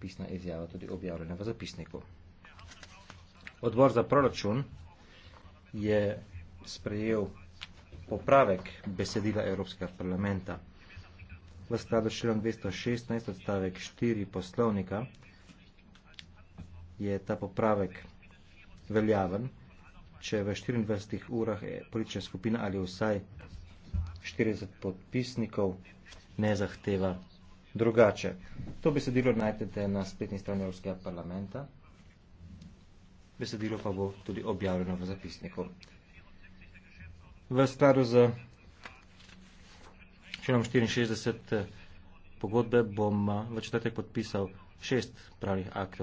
pisna izjava tudi objavljena v zapisniku. Odbor za proračun je sprejel popravek besedila Evropskega parlamenta v skladu šelom 216 odstavek 4 poslovnika je ta popravek veljaven, če v 24 urah je politična skupina ali vsaj 40 podpisnikov ne zahteva drugače. To besedilo najdete na spletni strani Evropskega parlamenta. Besedilo pa bo tudi objavljeno v zapisniku. V skladu z členom 64 eh, pogodbe bom eh, v četrtek podpisal šest pravih aktov.